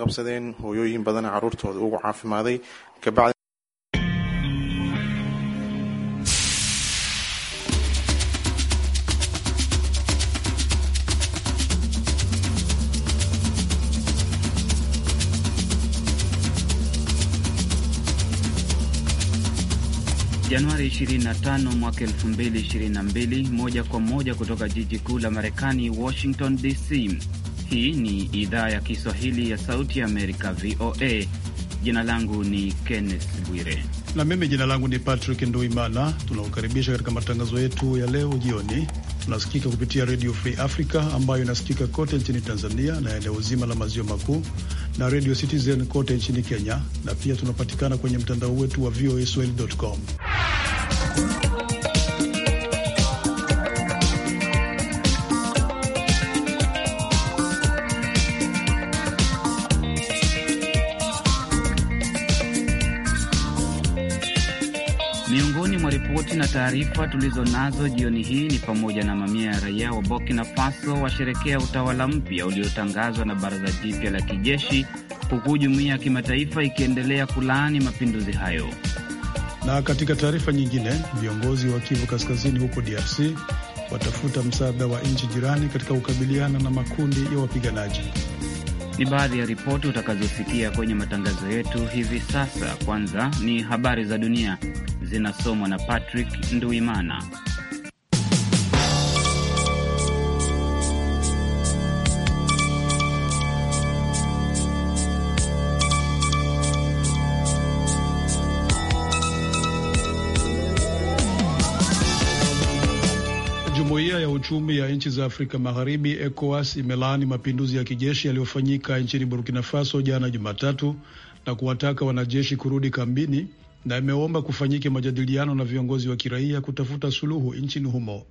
qabsadeen hooyooyin badan caruurtooda ugu caafimaaday kabacdi Januari 25 mwaka 2022, moja kwa moja kutoka jiji kuu la Marekani, Washington DC. Hii ni idhaa ya Kiswahili ya Sauti ya Amerika, VOA. Jina langu ni Kenneth Bwire na mimi jina langu ni Patrick Nduimana. Tunakukaribisha katika matangazo yetu ya leo jioni. Tunasikika kupitia Redio Free Africa ambayo inasikika kote nchini Tanzania na eneo zima la maziwa makuu na Redio Citizen kote nchini Kenya, na pia tunapatikana kwenye mtandao wetu wa voaswahili.com. Ripoti na taarifa tulizo nazo jioni hii ni pamoja na mamia ya raia wa Burkina Faso washerekea utawala mpya uliotangazwa na baraza jipya la kijeshi, huku jumuiya ya kimataifa ikiendelea kulaani mapinduzi hayo. Na katika taarifa nyingine, viongozi wa Kivu Kaskazini huko DRC watafuta msaada wa nchi jirani katika kukabiliana na makundi ya wapiganaji. Ni baadhi ya ripoti utakazosikia kwenye matangazo yetu hivi sasa. Kwanza ni habari za dunia zinasomwa na Patrick Nduimana. Jumuiya ya uchumi ya nchi za Afrika Magharibi, ECOWAS, imelaani mapinduzi ya kijeshi yaliyofanyika nchini Burkina Faso jana Jumatatu na kuwataka wanajeshi kurudi kambini na imeomba kufanyike majadiliano na viongozi wa kiraia kutafuta suluhu nchini humo.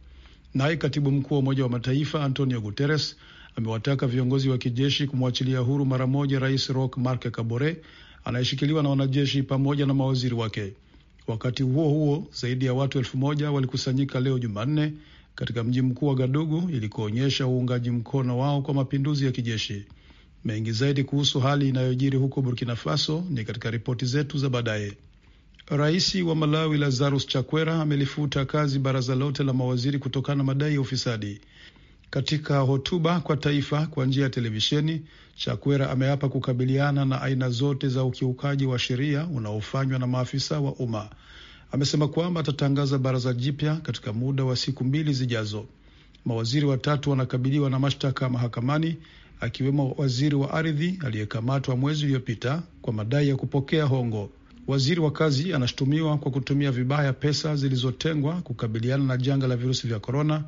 Naye katibu mkuu wa Umoja wa Mataifa Antonio Guterres amewataka viongozi wa kijeshi kumwachilia huru mara moja Rais Roch Marc Kabore anayeshikiliwa na wanajeshi pamoja na mawaziri wake. Wakati huo huo, zaidi ya watu elfu moja walikusanyika leo Jumanne katika mji mkuu wa Gadugu ili kuonyesha uungaji mkono wao kwa mapinduzi ya kijeshi. Mengi zaidi kuhusu hali inayojiri huko Burkina Faso ni katika ripoti zetu za baadaye. Rais wa Malawi Lazarus Chakwera amelifuta kazi baraza lote la mawaziri kutokana na madai ya ufisadi. Katika hotuba kwa taifa kwa njia ya televisheni, Chakwera ameapa kukabiliana na aina zote za ukiukaji wa sheria unaofanywa na maafisa wa umma amesema kwamba atatangaza baraza jipya katika muda wa siku mbili zijazo. Mawaziri watatu wanakabiliwa na mashtaka mahakamani, akiwemo waziri wa ardhi aliyekamatwa mwezi uliopita kwa madai ya kupokea hongo. Waziri wa kazi anashutumiwa kwa kutumia vibaya pesa zilizotengwa kukabiliana na janga la virusi vya korona,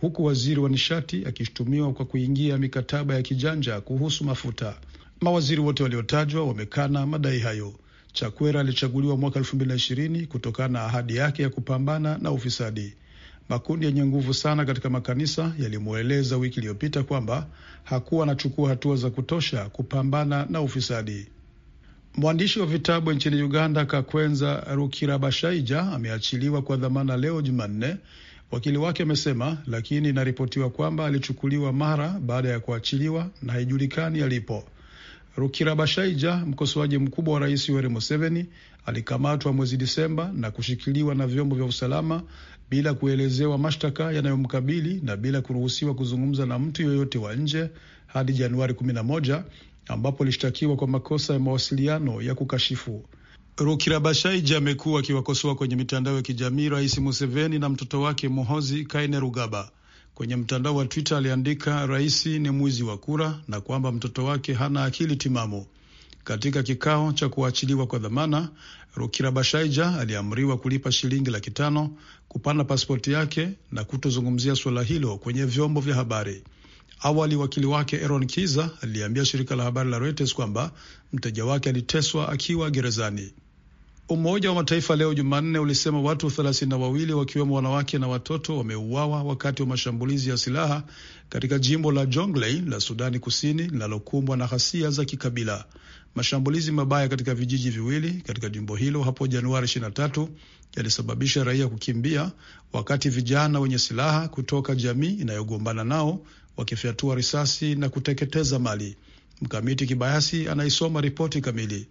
huku waziri wa nishati akishutumiwa kwa kuingia mikataba ya kijanja kuhusu mafuta. Mawaziri wote waliotajwa wamekana madai hayo. Chakwera alichaguliwa mwaka 2020 kutokana na ahadi yake ya kupambana na ufisadi. Makundi yenye nguvu sana katika makanisa yalimweleza wiki iliyopita kwamba hakuwa anachukua hatua za kutosha kupambana na ufisadi. Mwandishi wa vitabu nchini Uganda Kakwenza Rukirabashaija ameachiliwa kwa dhamana leo Jumanne, wakili wake amesema, lakini inaripotiwa kwamba alichukuliwa mara baada ya kuachiliwa na haijulikani alipo. Bashaija, mkosoaji mkubwa wa rais Yoweri Museveni, alikamatwa mwezi Disemba na kushikiliwa na vyombo vya usalama bila kuelezewa mashtaka yanayomkabili na bila kuruhusiwa kuzungumza na mtu yoyote wa nje hadi Januari 11 ambapo alishtakiwa kwa makosa ya mawasiliano ya kukashifu. Rukirabashaija amekuwa akiwakosoa kwenye mitandao ya kijamii Rais Museveni na mtoto wake Muhozi Kainerugaba. Kwenye mtandao wa Twitter aliandika raisi ni mwizi wa kura na kwamba mtoto wake hana akili timamu. Katika kikao cha kuachiliwa kwa dhamana, Rukirabashaija aliamriwa kulipa shilingi laki tano kupanda pasipoti yake na kutozungumzia suala hilo kwenye vyombo vya habari. Awali wakili wake Aaron Kiza aliliambia shirika la habari la Reuters kwamba mteja wake aliteswa akiwa gerezani. Umoja wa Mataifa leo Jumanne ulisema watu thelathini na wawili wakiwemo wanawake na watoto wameuawa wakati wa mashambulizi ya silaha katika jimbo la Jonglei la Sudani Kusini linalokumbwa na ghasia za kikabila. Mashambulizi mabaya katika vijiji viwili katika jimbo hilo hapo Januari 23 yalisababisha raia kukimbia, wakati vijana wenye silaha kutoka jamii inayogombana nao wakifyatua risasi na kuteketeza mali. Mkamiti Kibayasi anaisoma ripoti kamili.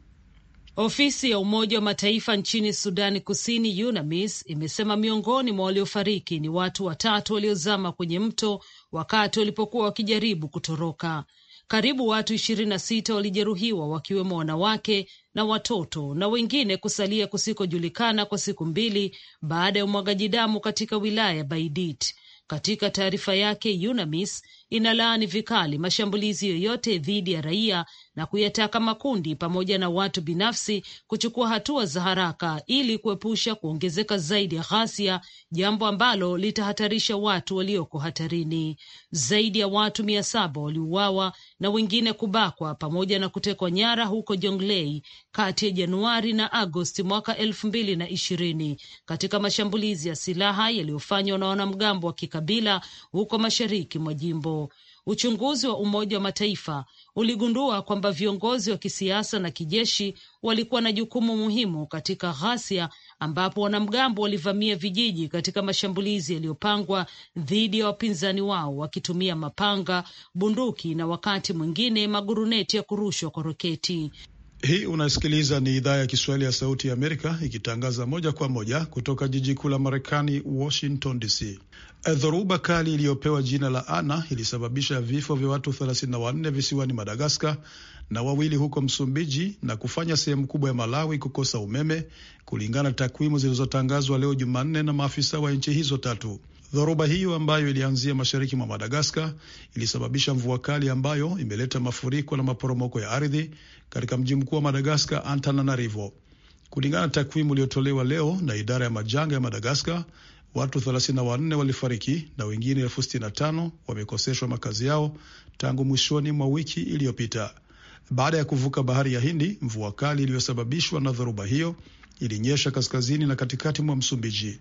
Ofisi ya Umoja wa Mataifa nchini Sudani Kusini, UNAMIS, imesema miongoni mwa waliofariki ni watu watatu waliozama kwenye mto wakati walipokuwa wakijaribu kutoroka. Karibu watu ishirini na sita walijeruhiwa wakiwemo wanawake na watoto na wengine kusalia kusikojulikana kwa siku mbili baada ya umwagaji damu katika wilaya Baidit. Katika taarifa yake UNAMIS inalaani vikali mashambulizi yoyote dhidi ya raia na kuyataka makundi pamoja na watu binafsi kuchukua hatua za haraka ili kuepusha kuongezeka zaidi ya ghasia, jambo ambalo litahatarisha watu walioko hatarini. Zaidi ya watu mia saba waliuawa na wengine kubakwa pamoja na kutekwa nyara huko Jonglei kati ya Januari na Agosti mwaka elfu mbili na ishirini katika mashambulizi ya silaha yaliyofanywa na wanamgambo wa kikabila huko mashariki mwa jimbo Uchunguzi wa Umoja wa Mataifa uligundua kwamba viongozi wa kisiasa na kijeshi walikuwa na jukumu muhimu katika ghasia ambapo wanamgambo walivamia vijiji katika mashambulizi yaliyopangwa dhidi ya wapinzani wao wakitumia mapanga, bunduki na wakati mwingine maguruneti ya kurushwa kwa roketi. Hii unasikiliza ni idhaa ya Kiswahili ya Sauti ya Amerika ikitangaza moja kwa moja kutoka jiji kuu la Marekani, Washington DC. Eh, dhoruba kali iliyopewa jina la Ana ilisababisha vifo vya watu 34 visiwani Madagaskar na wawili huko Msumbiji na kufanya sehemu kubwa ya Malawi kukosa umeme kulingana na takwimu zilizotangazwa leo Jumanne na maafisa wa nchi hizo tatu. Dhoruba hiyo ambayo ilianzia mashariki mwa Madagaskar ilisababisha mvua kali ambayo imeleta mafuriko na maporomoko ya ardhi katika mji mkuu wa Madagaskar, Antananarivo. Kulingana na takwimu iliyotolewa leo na idara ya majanga ya Madagaskar, watu 34 walifariki na wengine 65 wamekoseshwa makazi yao tangu mwishoni mwa wiki iliyopita. Baada ya kuvuka bahari ya Hindi, mvua kali iliyosababishwa na dhoruba hiyo ilinyesha kaskazini na katikati mwa Msumbiji.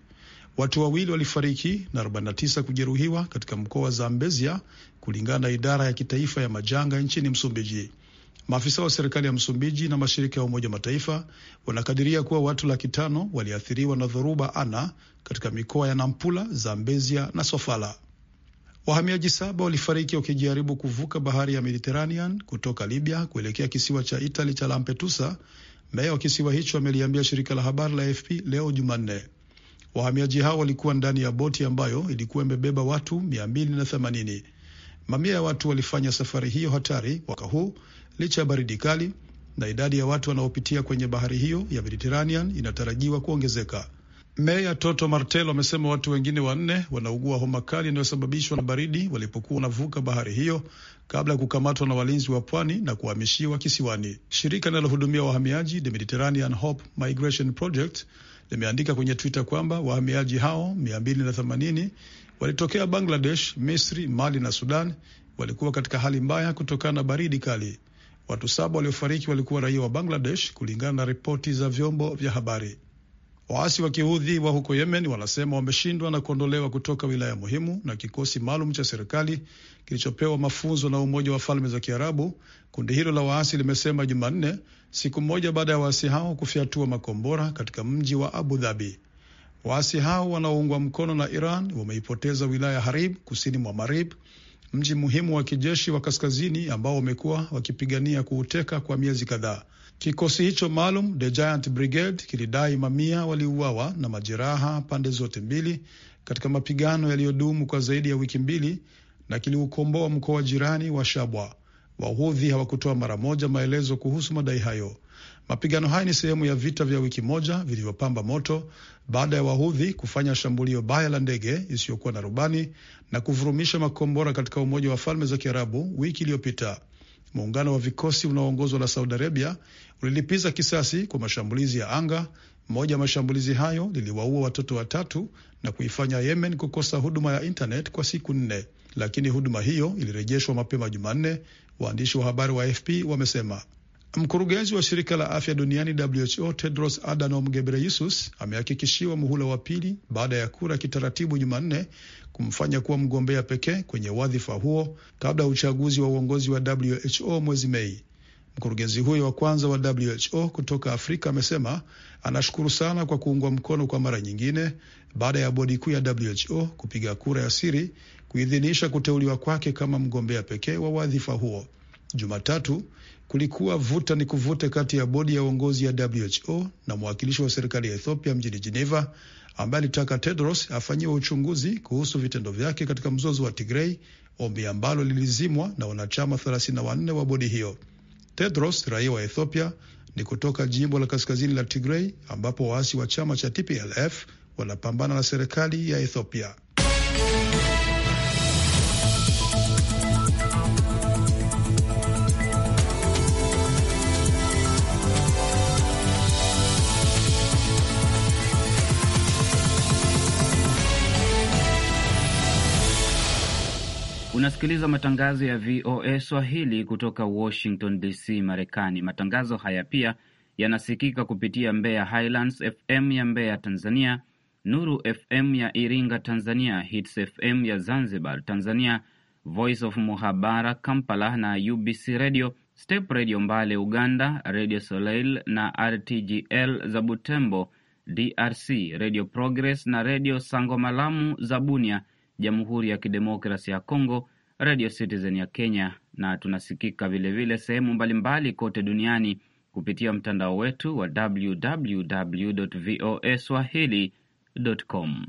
Watu wawili walifariki na 49 kujeruhiwa katika mkoa wa Zambezia, kulingana na idara ya kitaifa ya majanga nchini Msumbiji. Maafisa wa serikali ya Msumbiji na mashirika ya Umoja Mataifa wanakadiria kuwa watu laki tano waliathiriwa na dhoruba Ana katika mikoa ya Nampula, Zambezia na Sofala. Wahamiaji saba walifariki wakijaribu kuvuka bahari ya Mediterranean kutoka Libya kuelekea kisiwa cha Itali cha Lampedusa. Meya wa kisiwa hicho ameliambia shirika la habari la AFP leo Jumanne wahamiaji hao walikuwa ndani ya boti ambayo ilikuwa imebeba watu 280. Mamia ya watu walifanya safari hiyo hatari mwaka huu licha ya baridi kali, na idadi ya watu wanaopitia kwenye bahari hiyo ya Mediterranean inatarajiwa kuongezeka. Meya Toto Martelo amesema watu wengine wanne wanaugua homa kali inayosababishwa na baridi walipokuwa wanavuka bahari hiyo kabla ya kukamatwa na walinzi wa pwani na kuhamishiwa kisiwani. Shirika linalohudumia wahamiaji The Mediterranean Hope Migration Project limeandika kwenye Twitter kwamba wahamiaji hao 280 walitokea Bangladesh, Misri, Mali na Sudan walikuwa katika hali mbaya kutokana na baridi kali. Watu saba waliofariki walikuwa raia wa Bangladesh, kulingana na ripoti za vyombo vya habari. Waasi wa Kiudhi wa huko Yemen wanasema wameshindwa na kuondolewa kutoka wilaya muhimu na kikosi maalum cha serikali kilichopewa mafunzo na Umoja wa Falme za Kiarabu. Kundi hilo la waasi limesema Jumanne, siku moja baada ya waasi hao kufyatua makombora katika mji wa Abu Dhabi. Waasi hao wanaoungwa mkono na Iran wameipoteza wilaya Harib kusini mwa Marib mji muhimu wa kijeshi wa kaskazini ambao wamekuwa wakipigania kuuteka kwa miezi kadhaa. Kikosi hicho maalum The Giant Brigade kilidai mamia waliuawa na majeraha pande zote mbili katika mapigano yaliyodumu kwa zaidi ya wiki mbili na kiliukomboa mkoa wa jirani wa Shabwa. Wahudhi hawakutoa mara moja maelezo kuhusu madai hayo. Mapigano haya ni sehemu ya vita vya wiki moja vilivyopamba moto baada ya wahudhi kufanya shambulio baya la ndege isiyokuwa na rubani na kuvurumisha makombora katika Umoja wa Falme za Kiarabu wiki iliyopita. Muungano wa vikosi unaoongozwa na Saudi Arabia ulilipiza kisasi kwa mashambulizi ya anga. Moja ya mashambulizi hayo liliwaua watoto watatu na kuifanya Yemen kukosa huduma ya intanet kwa siku nne, lakini huduma hiyo ilirejeshwa mapema Jumanne, waandishi wa habari wa AFP wamesema. Mkurugenzi wa shirika la afya duniani WHO Tedros Adhanom Ghebreyesus amehakikishiwa muhula wa pili baada ya kura kitaratibu Jumanne kumfanya kuwa mgombea pekee kwenye wadhifa huo kabla ya uchaguzi wa uongozi wa WHO mwezi Mei. Mkurugenzi huyo wa kwanza wa WHO kutoka Afrika amesema anashukuru sana kwa kuungwa mkono kwa mara nyingine baada ya bodi kuu ya WHO kupiga kura ya siri kuidhinisha kuteuliwa kwake kama mgombea pekee wa wadhifa huo Jumatatu kulikuwa vuta ni kuvute kati ya bodi ya uongozi ya WHO na mwakilishi wa serikali ya Ethiopia mjini Geneva ambaye alitaka Tedros afanyiwe uchunguzi kuhusu vitendo vyake katika mzozo wa Tigrei, ombi ambalo lilizimwa na wanachama 34 wa bodi hiyo. Tedros, raia wa Ethiopia, ni kutoka jimbo la kaskazini la Tigrei ambapo waasi wa chama cha TPLF wanapambana na serikali ya Ethiopia. Unasikiliza matangazo ya VOA Swahili kutoka Washington DC, Marekani. Matangazo haya pia yanasikika kupitia Mbeya Highlands FM ya Mbeya, Tanzania, Nuru FM ya Iringa, Tanzania, Hits FM ya Zanzibar, Tanzania, Voice of Muhabara Kampala na UBC Radio, Step Radio Mbale Uganda, Radio Soleil na RTGL za Butembo DRC, Radio Progress na Radio Sango Malamu za Bunia Jamhuri ya Kidemokrasi ya Kongo, Radio Citizen ya Kenya na tunasikika vilevile sehemu mbalimbali kote duniani kupitia mtandao wetu wa www voa swahili.com.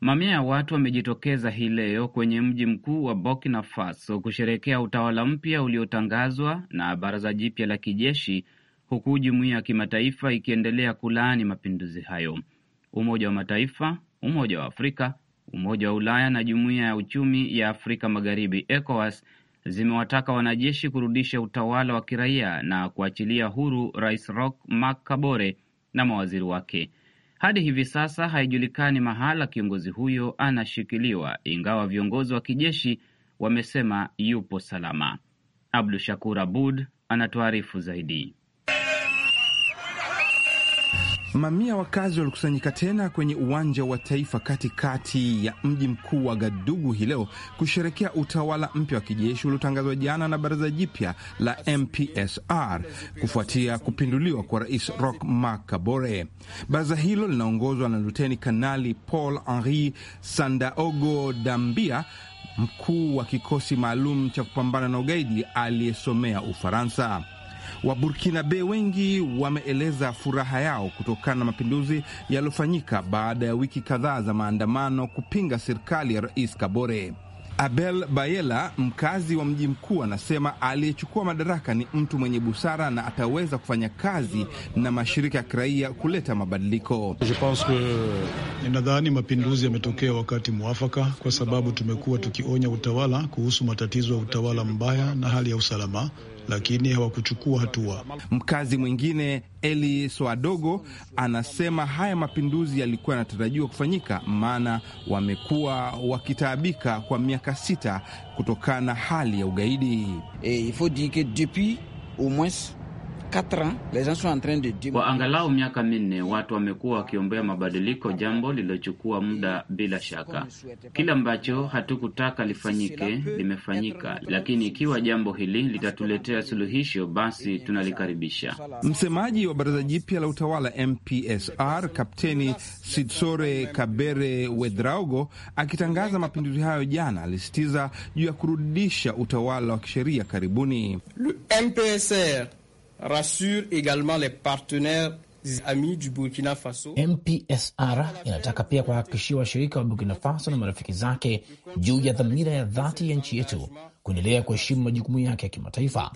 Mamia ya watu wamejitokeza hii leo kwenye mji mkuu wa Burkina Faso kusherekea utawala mpya uliotangazwa na baraza jipya la kijeshi, huku jumuiya ya kimataifa ikiendelea kulaani mapinduzi hayo. Umoja wa Mataifa, Umoja wa Afrika Umoja wa Ulaya na Jumuiya ya Uchumi ya Afrika Magharibi ECOWAS zimewataka wanajeshi kurudisha utawala wa kiraia na kuachilia huru Rais Roch Marc Kabore na mawaziri wake. Hadi hivi sasa haijulikani mahala kiongozi huyo anashikiliwa, ingawa viongozi wa kijeshi wamesema yupo salama. Abdu Shakur Abud anatuarifu zaidi. Mamia wakazi walikusanyika tena kwenye uwanja wa taifa katikati ya mji mkuu wa Gadugu hii leo kusherekea utawala mpya wa kijeshi uliotangazwa jana na baraza jipya la MPSR kufuatia kupinduliwa kwa rais Roch Marc Kabore. Baraza hilo linaongozwa na Luteni Kanali Paul Henri Sandaogo Dambia, mkuu wa kikosi maalum cha kupambana na ugaidi aliyesomea Ufaransa. Waburkinabe wengi wameeleza furaha yao kutokana na mapinduzi yaliyofanyika baada ya wiki kadhaa za maandamano kupinga serikali ya Rais Kabore. Abel Bayela, mkazi wa mji mkuu, anasema aliyechukua madaraka ni mtu mwenye busara na ataweza kufanya kazi na mashirika ya kiraia kuleta mabadiliko. Ninadhani mapinduzi yametokea wakati mwafaka, kwa sababu tumekuwa tukionya utawala kuhusu matatizo ya utawala mbaya na hali ya usalama, lakini hawakuchukua hatua. Mkazi mwingine Eli Swadogo anasema haya mapinduzi yalikuwa yanatarajiwa kufanyika, maana wamekuwa wakitaabika kwa miaka sita kutokana na hali ya ugaidi. Hey, kwa angalau miaka minne watu wamekuwa wakiombea mabadiliko, jambo lililochukua muda bila shaka. Kile ambacho hatukutaka lifanyike limefanyika, lakini ikiwa jambo hili litatuletea suluhisho, basi tunalikaribisha. Msemaji wa baraza jipya la utawala MPSR Kapteni Sitsore Kabere Wedraogo akitangaza mapinduzi hayo jana, alisitiza juu ya kurudisha utawala wa kisheria karibuni. MPSR rassure également les partenaires amis du Burkina Faso. MPSR inataka pia kuhakikishia washirika wa Burkina Faso na marafiki zake juu ya dhamira ya dhati ya nchi yetu kuendelea kuheshimu majukumu yake ya kimataifa,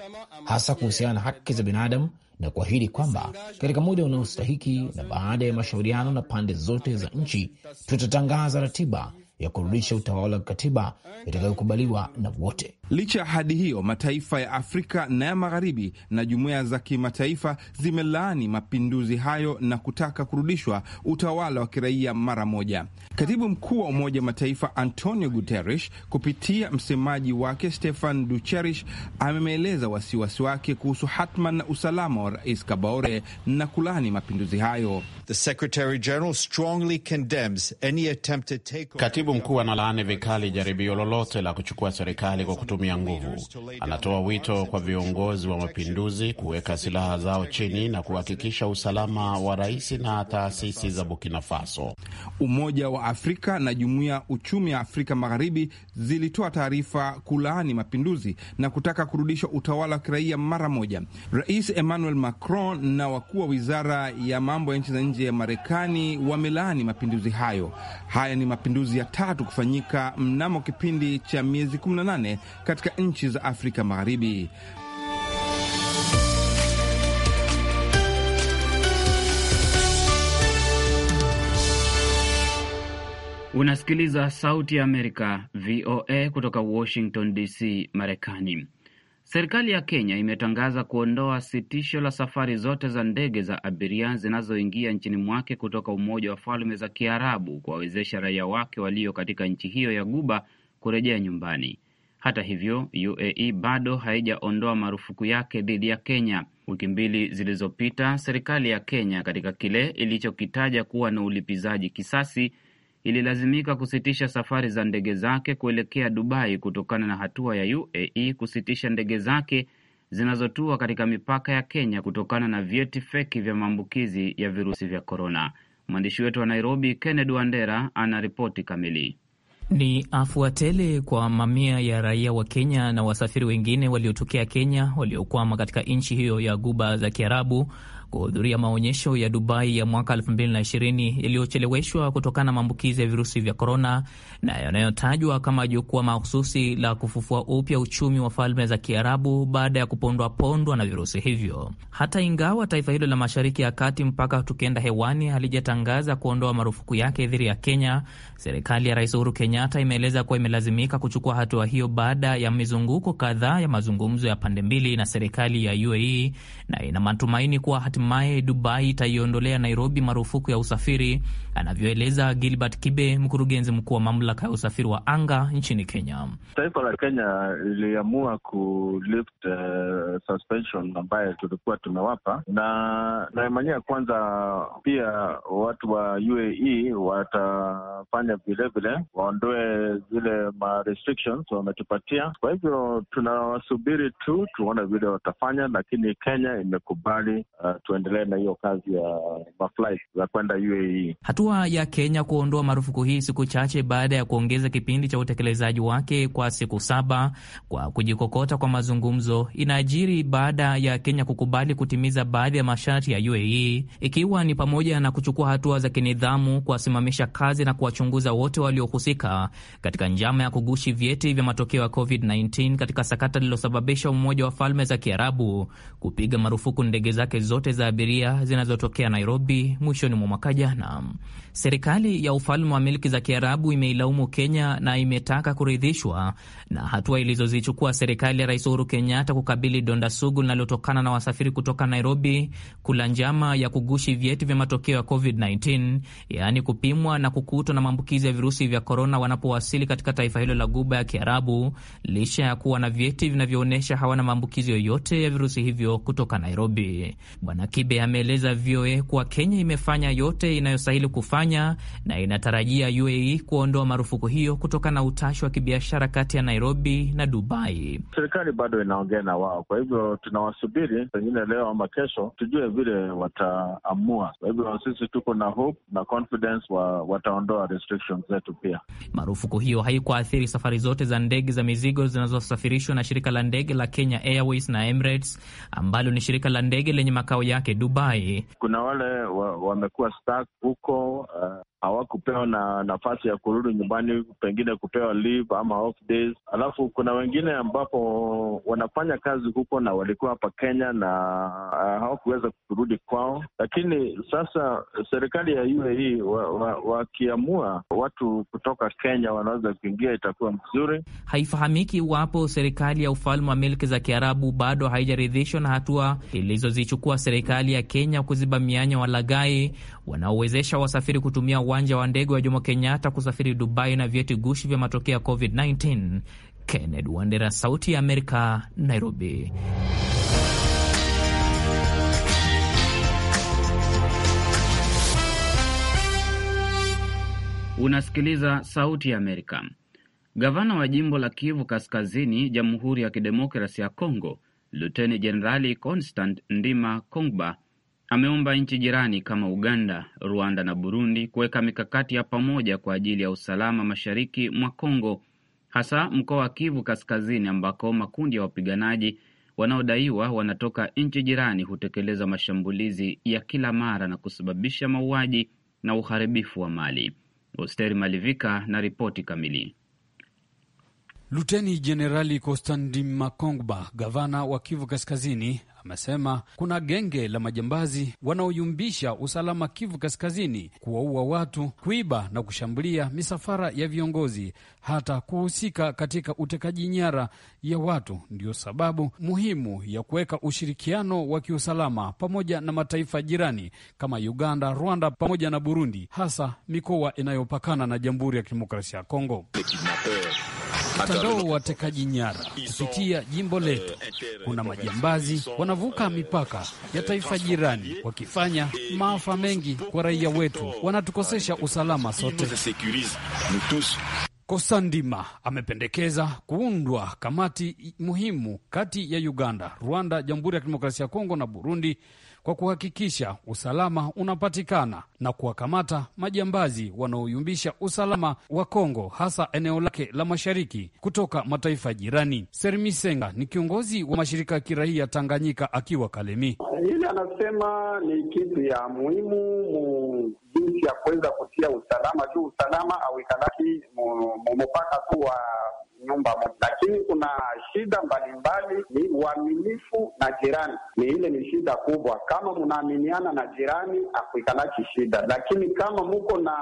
hasa kuhusiana na haki za binadamu na kuahidi kwamba katika muda unaostahiki na baada ya mashauriano na pande zote za nchi, tutatangaza ratiba ya kurudisha utawala wa kikatiba itakayokubaliwa na wote. Licha ya hadi hiyo, mataifa ya Afrika na ya Magharibi na jumuiya za kimataifa zimelaani mapinduzi hayo na kutaka kurudishwa utawala wa kiraia mara moja. Katibu mkuu wa Umoja wa Mataifa Antonio Guterres kupitia msemaji wake Stefan Ducherish ameeleza wasiwasi wake kuhusu hatma na usalama wa Rais Kabaore na kulaani mapinduzi hayo. Katibu mkuu analaani vikali jaribio lolote la kuchukua serikali kwa kutu kutumia nguvu. Anatoa wito kwa viongozi wa mapinduzi kuweka silaha zao chini na kuhakikisha usalama wa rais na taasisi za Burkina Faso. Umoja wa Afrika na Jumuiya Uchumi ya Afrika Magharibi zilitoa taarifa kulaani mapinduzi na kutaka kurudisha utawala wa kiraia mara moja. Rais Emmanuel Macron na wakuu wa wizara ya mambo ya nchi za nje ya Marekani wamelaani mapinduzi hayo. Haya ni mapinduzi ya tatu kufanyika mnamo kipindi cha miezi 18 katika nchi za Afrika Magharibi. Unasikiliza Sauti ya Amerika, VOA, kutoka Washington DC, Marekani. Serikali ya Kenya imetangaza kuondoa sitisho la safari zote za ndege za abiria zinazoingia nchini mwake kutoka Umoja wa Falme za Kiarabu kuwawezesha raia wake walio katika nchi hiyo ya Guba kurejea nyumbani. Hata hivyo, UAE bado haijaondoa marufuku yake dhidi ya Kenya. Wiki mbili zilizopita, serikali ya Kenya katika kile ilichokitaja kuwa ni ulipizaji kisasi ililazimika kusitisha safari za ndege zake kuelekea Dubai kutokana na hatua ya UAE kusitisha ndege zake zinazotua katika mipaka ya Kenya kutokana na vyeti feki vya maambukizi ya virusi vya korona. Mwandishi wetu wa Nairobi, Kennedy Wandera, ana ripoti kamili. Ni afuatele kwa mamia ya raia wa Kenya na wasafiri wengine waliotokea Kenya waliokwama katika nchi hiyo ya Guba za Kiarabu kuhudhuria maonyesho ya Dubai ya mwaka 2020 yaliyocheleweshwa kutokana na maambukizi ya virusi vya korona na yanayotajwa kama jukwaa mahususi la kufufua upya uchumi wa Falme za Kiarabu baada ya kupondwa pondwa na virusi hivyo. Hata ingawa taifa hilo la Mashariki ya Kati mpaka tukienda hewani halijatangaza kuondoa marufuku yake dhidi ya Kenya, serikali ya Rais Uhuru Kenyatta imeeleza kuwa imelazimika kuchukua hatua hiyo baada ya mizunguko kadhaa ya mazungumzo ya pande mbili na serikali ya UAE na ina matumaini kuwa hatimaye Dubai itaiondolea Nairobi marufuku ya usafiri, anavyoeleza Gilbert Kibe, mkurugenzi mkuu wa mamlaka ya usafiri wa anga nchini Kenya. Taifa la Kenya liliamua ku lift uh, eh, suspension ambayo tulikuwa tumewapa, na naimanyia kwanza pia watu wa UAE watafanya vilevile, waondoe zile ma restrictions wametupatia. Kwa hivyo tunawasubiri tu tuone vile watafanya, lakini Kenya imekubali uh, tuendelee na hiyo kazi ya maflight za kwenda UAE. Hatua ya Kenya kuondoa marufuku hii siku chache baada ya kuongeza kipindi cha utekelezaji wake kwa siku saba kwa kujikokota kwa mazungumzo inaajiri baada ya Kenya kukubali kutimiza baadhi ya masharti ya UAE ikiwa ni pamoja na kuchukua hatua za kinidhamu, kuwasimamisha kazi na kuwachunguza wote waliohusika katika njama ya kugushi vyeti vya matokeo ya COVID-19 katika sakata lililosababisha Umoja wa Falme za Kiarabu kupiga marufuku ndege zake zote za abiria zinazotokea Nairobi mwishoni mwa mwaka jana. Serikali ya ufalme wa milki za Kiarabu imeilaumu Kenya na imetaka kuridhishwa na hatua ilizozichukua serikali ya Rais Uhuru Kenyatta kukabili donda sugu linalotokana na wasafiri kutoka Nairobi kula njama ya kugushi vyeti vya matokeo ya COVID-19, yaani kupimwa na kukutwa na maambukizi ya virusi vya korona wanapowasili katika taifa hilo la Guba ya Kiarabu, licha ya kuwa na vyeti vinavyoonyesha hawana maambukizi yoyote ya virusi hivyo kutoka Nairobi. Bwana Kibe ameeleza VOA kuwa Kenya imefanya yote inayostahili kufanya na inatarajia UAE kuondoa marufuku hiyo kutokana na utashi wa kibiashara kati ya Nairobi na Dubai. Serikali bado inaongea na wao, kwa hivyo tunawasubiri, pengine leo ama kesho tujue vile wataamua. Kwa hivyo sisi tuko na hope na confidence wa wataondoa restrictions zetu pia. Marufuku hiyo haikuathiri safari zote za ndege za mizigo zinazosafirishwa na shirika la ndege la Kenya Airways na Emirates ambalo ni shirika la ndege lenye makao ya yake Dubai. Kuna wale wamekuwa wa stuck huko uh, hawakupewa na nafasi ya kurudi nyumbani, pengine kupewa leave ama off days. Alafu kuna wengine ambapo wanafanya kazi huko na walikuwa hapa Kenya na uh, hawakuweza kurudi kwao, lakini sasa serikali ya UAE wakiamua wa, wa watu kutoka Kenya wanaweza kuingia, itakuwa mzuri. Haifahamiki iwapo serikali ya ufalme wa milki za Kiarabu bado haijaridhishwa na hatua ilizozichukua serikali serikali ya Kenya kuziba mianya walagai wanaowezesha wasafiri kutumia uwanja wa ndege wa Jomo Kenyatta kusafiri Dubai na vyeti gushi vya matokeo ya COVID-19. Kenneth Wandera, Sauti ya Amerika, Nairobi. Unasikiliza Sauti ya Amerika. Gavana wa jimbo la Kivu Kaskazini, Jamhuri ya Kidemokrasi ya congo Luteni Jenerali Constant Ndima Kongba ameomba nchi jirani kama Uganda, Rwanda na Burundi kuweka mikakati ya pamoja kwa ajili ya usalama mashariki mwa Kongo, hasa mkoa wa Kivu Kaskazini ambako makundi ya wapiganaji wanaodaiwa wanatoka nchi jirani hutekeleza mashambulizi ya kila mara na kusababisha mauaji na uharibifu wa mali. Osteri Malivika na ripoti kamili. Luteni Jenerali Konstantin Makongba, gavana wa Kivu Kaskazini, amesema kuna genge la majambazi wanaoyumbisha usalama Kivu Kaskazini, kuwaua watu, kuiba na kushambulia misafara ya viongozi, hata kuhusika katika utekaji nyara ya watu. Ndiyo sababu muhimu ya kuweka ushirikiano wa kiusalama pamoja na mataifa jirani kama Uganda, Rwanda pamoja na Burundi, hasa mikoa inayopakana na Jamhuri ya Kidemokrasia ya Kongo. Mtandao wa tekaji nyara kupitia jimbo letu, kuna majambazi wanavuka mipaka ya taifa jirani, wakifanya maafa mengi kwa raia wetu, wanatukosesha usalama sote. Kosandima amependekeza kuundwa kamati muhimu kati ya Uganda, Rwanda, Jamhuri ya Kidemokrasia ya Kongo na Burundi kwa kuhakikisha usalama unapatikana na kuwakamata majambazi wanaoyumbisha usalama wa Kongo, hasa eneo lake la mashariki kutoka mataifa jirani. Sermisenga ni kiongozi wa mashirika ya kiraia Tanganyika akiwa Kalemi. Hili anasema ni kitu ya muhimu mu jinsi ya kuweza kutia usalama juu usalama auikalaki mupaka tu wa nyumba moja, lakini kuna shida mbalimbali, ni uaminifu na jirani. Ni ile ni shida kubwa, kama mnaaminiana na jirani akuikalaki shida, lakini kama muko na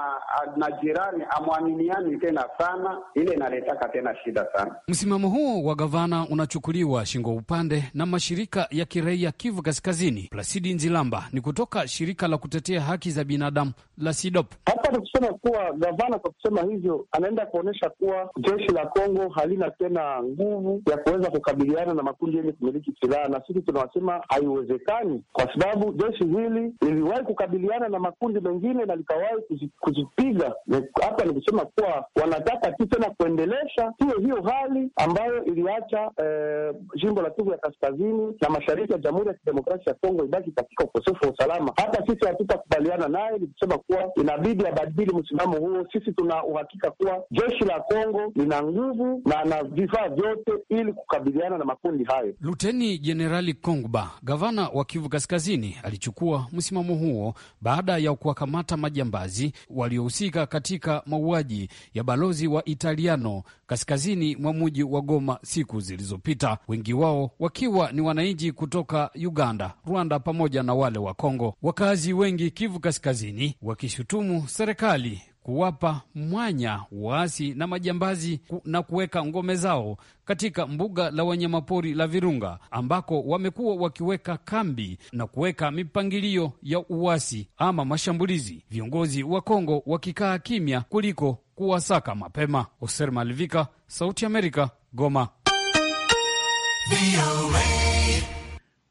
na jirani amwaminiani tena sana, ile inaletaka tena shida sana. Msimamo huo wa gavana unachukuliwa shingo upande na mashirika ya kiraia Kivu Kaskazini. Plasidi Nzilamba ni kutoka shirika la kutetea haki za binadamu la SIDOP. Hapa ni kusema kuwa gavana kwa kusema hivyo anaenda kuonyesha kuwa jeshi la Kongo halina tena nguvu ya kuweza kukabiliana na makundi yenye kumiliki silaha, na sisi tunawasema haiwezekani, kwa sababu jeshi hili liliwahi kukabiliana na makundi mengine na likawahi kuzipiga. Hapa ni kusema kuwa wanataka tu tena kuendelesha hiyo hiyo hali ambayo iliacha eh, jimbo la Kivu ya kaskazini na mashariki ya Jamhuri ya Kidemokrasia ya Kongo ibaki katika ukosefu wa usalama. Hata sisi hatutakubaliana naye, ni kusema kuwa inabidi abadili msimamo huo. Sisi tuna uhakika kuwa jeshi la Kongo lina nguvu na na vifaa vyote ili kukabiliana na makundi hayo. Luteni Jenerali Kongba, gavana wa Kivu Kaskazini, alichukua msimamo huo baada ya kuwakamata majambazi waliohusika katika mauaji ya balozi wa Italiano kaskazini mwa mji wa Goma siku zilizopita, wengi wao wakiwa ni wananchi kutoka Uganda, Rwanda pamoja na wale wa Kongo. Wakazi wengi Kivu Kaskazini wakishutumu serikali kuwapa mwanya waasi na majambazi na kuweka ngome zao katika mbuga la wanyamapori la Virunga ambako wamekuwa wakiweka kambi na kuweka mipangilio ya uasi ama mashambulizi, viongozi wa Kongo wakikaa kimya kuliko kuwasaka mapema. Oser Malivika, Sauti Amerika, Goma.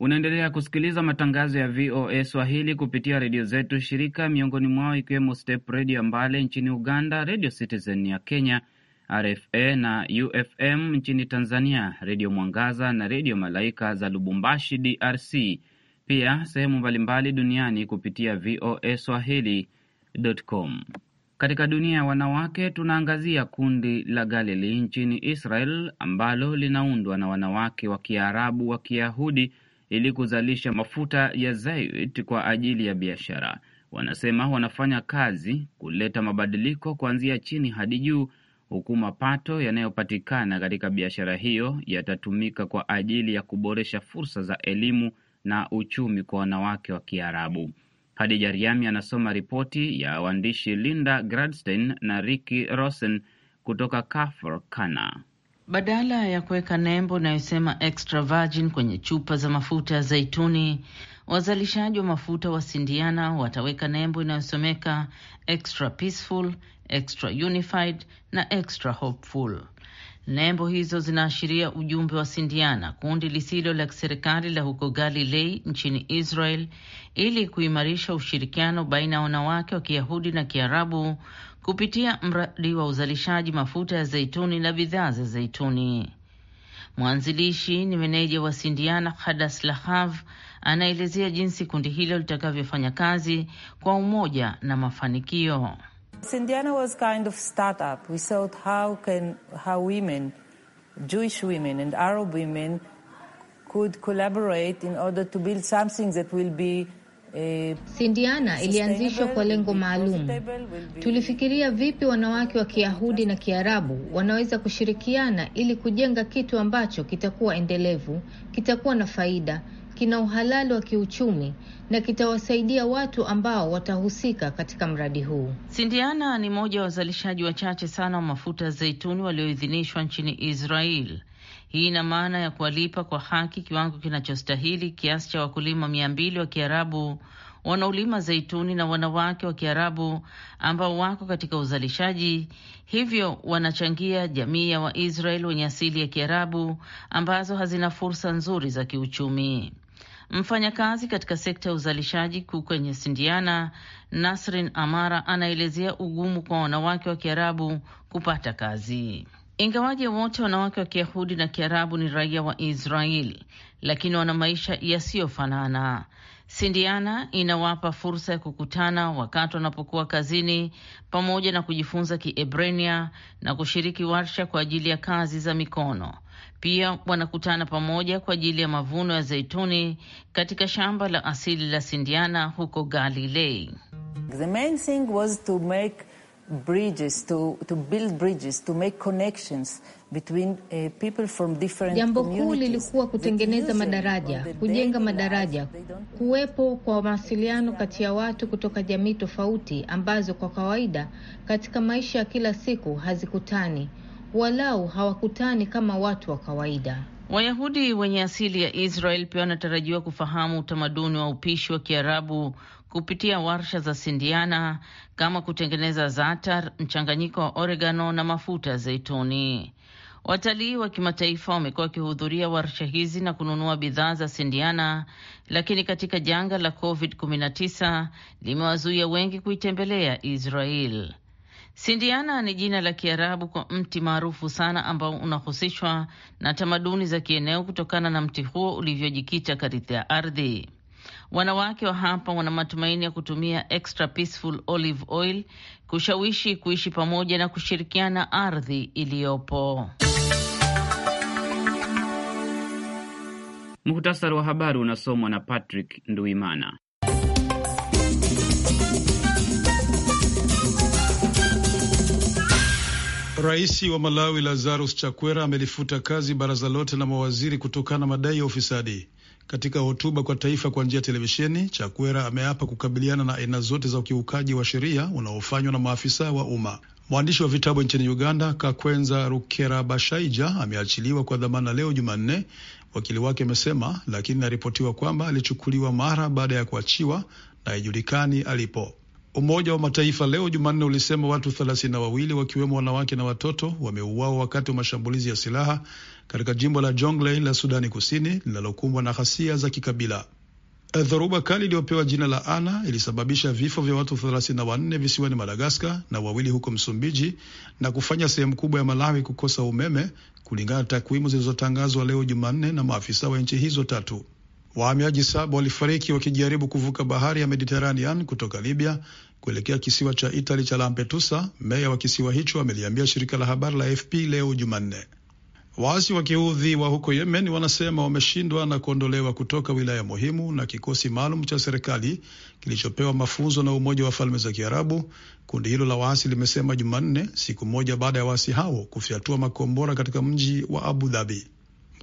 Unaendelea kusikiliza matangazo ya VOA Swahili kupitia redio zetu shirika, miongoni mwao ikiwemo Step Redio Mbale nchini Uganda, Redio Citizen ya Kenya, RFA na UFM nchini Tanzania, Redio Mwangaza na Redio Malaika za Lubumbashi, DRC, pia sehemu mbalimbali duniani kupitia VOA Swahili.com. Katika dunia ya wanawake, tunaangazia kundi la galilii nchini Israel ambalo linaundwa na wanawake wa Kiarabu wa Kiyahudi ili kuzalisha mafuta ya zayit kwa ajili ya biashara. Wanasema wanafanya kazi kuleta mabadiliko kuanzia chini hadi juu, huku mapato yanayopatikana katika biashara hiyo yatatumika kwa ajili ya kuboresha fursa za elimu na uchumi kwa wanawake wa Kiarabu. Hadija Riami anasoma ripoti ya waandishi Linda Gradstein na Ricky Rosen kutoka Kafr Kana. Badala ya kuweka nembo inayosema extra virgin kwenye chupa za mafuta ya zaituni, wazalishaji wa mafuta wa sindiana wataweka nembo inayosomeka extra peaceful, extra unified na extra hopeful. Nembo hizo zinaashiria ujumbe wa Sindiana, kundi lisilo la kiserikali la huko Galilei nchini Israel, ili kuimarisha ushirikiano baina ya wanawake wa Kiyahudi na Kiarabu kupitia mradi wa uzalishaji mafuta ya zeituni na bidhaa za zeituni. Mwanzilishi ni meneja wa Sindiana Hadas Lahav anaelezea jinsi kundi hilo litakavyofanya kazi kwa umoja na mafanikio. Sindiana was kind of startup. We thought how can how women, Jewish women and Arab women could collaborate in order to build something that will be Eh, Sindiana ilianzishwa kwa lengo maalum. Tulifikiria vipi wanawake wa Kiyahudi na Kiarabu wanaweza kushirikiana ili kujenga kitu ambacho kitakuwa endelevu, kitakuwa na faida, kina uhalali wa kiuchumi na kitawasaidia watu ambao watahusika katika mradi huu. Sindiana ni mmoja wa wazalishaji wachache sana wa mafuta ya zeituni walioidhinishwa nchini Israel. Hii ina maana ya kuwalipa kwa haki kiwango kinachostahili kiasi cha wakulima mia mbili wa Kiarabu wanaolima zeituni na wanawake wa Kiarabu ambao wako katika uzalishaji, hivyo wanachangia jamii ya Waisrael wenye asili ya Kiarabu ambazo hazina fursa nzuri za kiuchumi. Mfanyakazi katika sekta ya uzalishaji kuu kwenye Sindiana, Nasrin Amara, anaelezea ugumu kwa wanawake wa Kiarabu kupata kazi. Ingawaje wote wanawake wa Kiyahudi na Kiarabu ni raia wa Israel, lakini wana maisha yasiyofanana. Sindiana inawapa fursa ya kukutana wakati wanapokuwa kazini pamoja na kujifunza Kiebrania na kushiriki warsha kwa ajili ya kazi za mikono. Pia wanakutana pamoja kwa ajili ya mavuno ya zeituni katika shamba la asili la Sindiana huko Galilei. The main thing was to make bridges to, to build bridges to make connections between uh, people from different jambo kuu lilikuwa kutengeneza madaraja, kujenga madaraja, kuwepo kwa mawasiliano kati ya watu kutoka jamii tofauti ambazo kwa kawaida katika maisha ya kila siku hazikutani, walau hawakutani kama watu wa kawaida. Wayahudi wenye asili ya Israel pia wanatarajiwa kufahamu utamaduni wa upishi wa Kiarabu kupitia warsha za sindiana kama kutengeneza zatar mchanganyiko wa oregano na mafuta ya zeituni. Watalii wa kimataifa wamekuwa wakihudhuria warsha hizi na kununua bidhaa za sindiana, lakini katika janga la COVID-19 limewazuia wengi kuitembelea Israel. Sindiana ni jina la Kiarabu kwa mti maarufu sana ambao unahusishwa na tamaduni za kieneo kutokana na mti huo ulivyojikita ya ardhi. Wanawake wa hapa wana matumaini ya kutumia Extra Peaceful Olive Oil kushawishi kuishi pamoja na kushirikiana ardhi iliyopo. Muhtasari wa habari unasomwa na Patrick Nduimana. Rais wa Malawi Lazarus Chakwera amelifuta kazi baraza lote la mawaziri kutokana na madai ya ufisadi. Katika hotuba kwa taifa kwa njia ya televisheni, Chakwera ameapa kukabiliana na aina zote za ukiukaji wa sheria unaofanywa na maafisa wa umma. Mwandishi wa vitabu nchini Uganda, Kakwenza rukera bashaija ameachiliwa kwa dhamana leo Jumanne, wakili wake amesema, lakini inaripotiwa kwamba alichukuliwa mara baada ya kuachiwa na haijulikani alipo. Umoja wa Mataifa leo Jumanne ulisema watu thelathini na wawili wakiwemo wanawake na watoto wameuawa wakati wa mashambulizi ya silaha katika jimbo la Jonglei la Sudani Kusini linalokumbwa na ghasia za kikabila. Eh, Dharuba kali iliyopewa jina la Ana ilisababisha vifo vya watu 34 visiwani Madagaskar na wawili huko Msumbiji na kufanya sehemu kubwa ya Malawi kukosa umeme kulingana na takwimu zilizotangazwa leo Jumanne na maafisa wa nchi hizo tatu. Wahamiaji saba walifariki wakijaribu kuvuka bahari ya Mediterranean kutoka Libya kuelekea kisiwa cha Itali cha Lampedusa. Meya wa kisiwa hicho ameliambia shirika la habari la AFP leo Jumanne. Waasi wa kiudhi wa huko Yemen wanasema wameshindwa na kuondolewa kutoka wilaya muhimu na kikosi maalum cha serikali kilichopewa mafunzo na Umoja wa Falme za Kiarabu. Kundi hilo la waasi limesema Jumanne, siku moja baada ya waasi hao kufyatua makombora katika mji wa Abu Dhabi.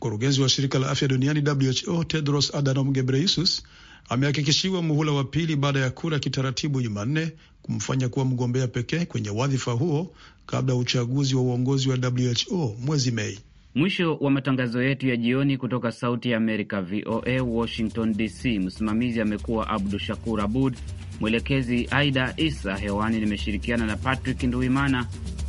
Mkurugenzi wa shirika la afya duniani WHO Tedros Adhanom Ghebreyesus amehakikishiwa muhula wa pili baada ya kura kitaratibu Jumanne kumfanya kuwa mgombea pekee kwenye wadhifa huo kabla ya uchaguzi wa uongozi wa WHO mwezi Mei. Mwisho wa matangazo yetu ya jioni kutoka Sauti ya Amerika, VOA Washington DC. Msimamizi amekuwa Abdu Shakur Abud, mwelekezi Aida Isa. Hewani nimeshirikiana na Patrick Nduimana.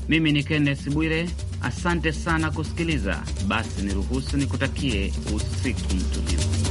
Mimi ni Kenneth Bwire, asante sana kusikiliza. Basi niruhusu nikutakie usiku mtulivu.